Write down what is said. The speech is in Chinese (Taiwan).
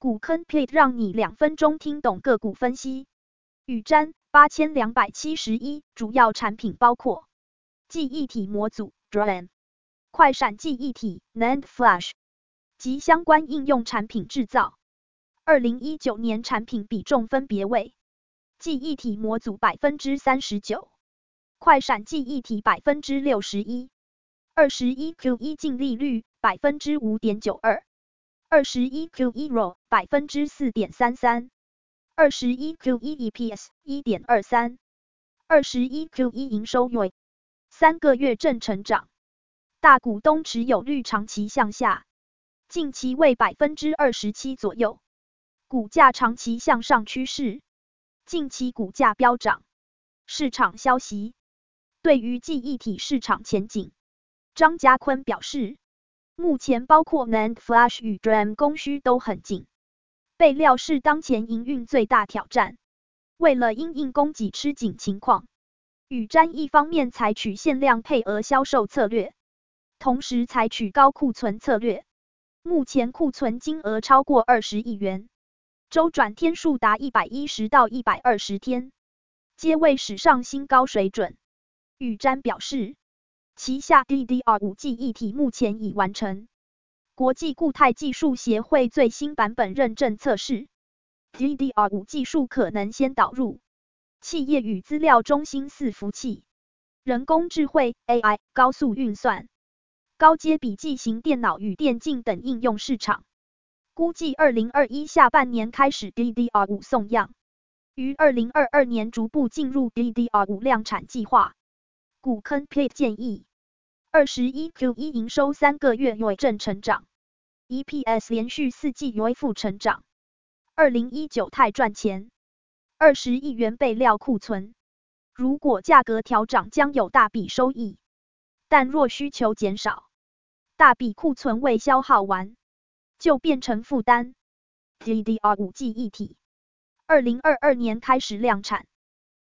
股坑 plate 讓你兩分鐘聽懂個股分析。宇瞻八千兩百七十一，主要產品包括記憶體模組 DRAM、快閃記憶體 NAND Flash 及相關應用產品制造。二零一九年產品比重分別為記憶體模組百分之三十九、快閃記憶體百分之六十一。二十一 Q 一淨利率百分之五點九二。二十一 Q 一 ROE 百分之四點三三，二十一 Q 一 EPS 一點二三，二十一 Q 一營收略，三個月正成長，大股東持有率長期向下，近期為百分之二十七左右，股價長期向上趨勢，近期股價飆漲，市場消息對於記憶體市場前景，張家坤表示。目前，包括 NAND Flash 與 DRAM，供需都很緊，備料是當前營運最大挑戰。為了因應供給吃緊情況，宇瞻一方面採取限量配額銷售策略，同時採取高庫存策略。目前庫存金額超過二十億元，週轉天數達一百一十到一百二十天，皆為史上新高水準。宇瞻表示，旗下 DDR 五記憶體目前已完成國際固態技術協會最新版本認證測試。DDR 五技術可能先導入企業與資料中心伺服器、人工智慧 AI 高速運算、高階筆記型電腦與電競等應用市場。估計二零二一下半年開始 DDR 五送樣，於二零二二年逐步進入 DDR 五量產計劃。股坑 plate 建議。二十一 Q 一營收三個月 YoY 正成長，EPS 連續四季 YoY 負成長。二零一九太賺錢，二十億元備料庫存。如果價格調漲將有大筆收益；但若需求減少，大筆庫存未消耗完，就變成負擔。DDR5 記憶體，二零二二年開始量產。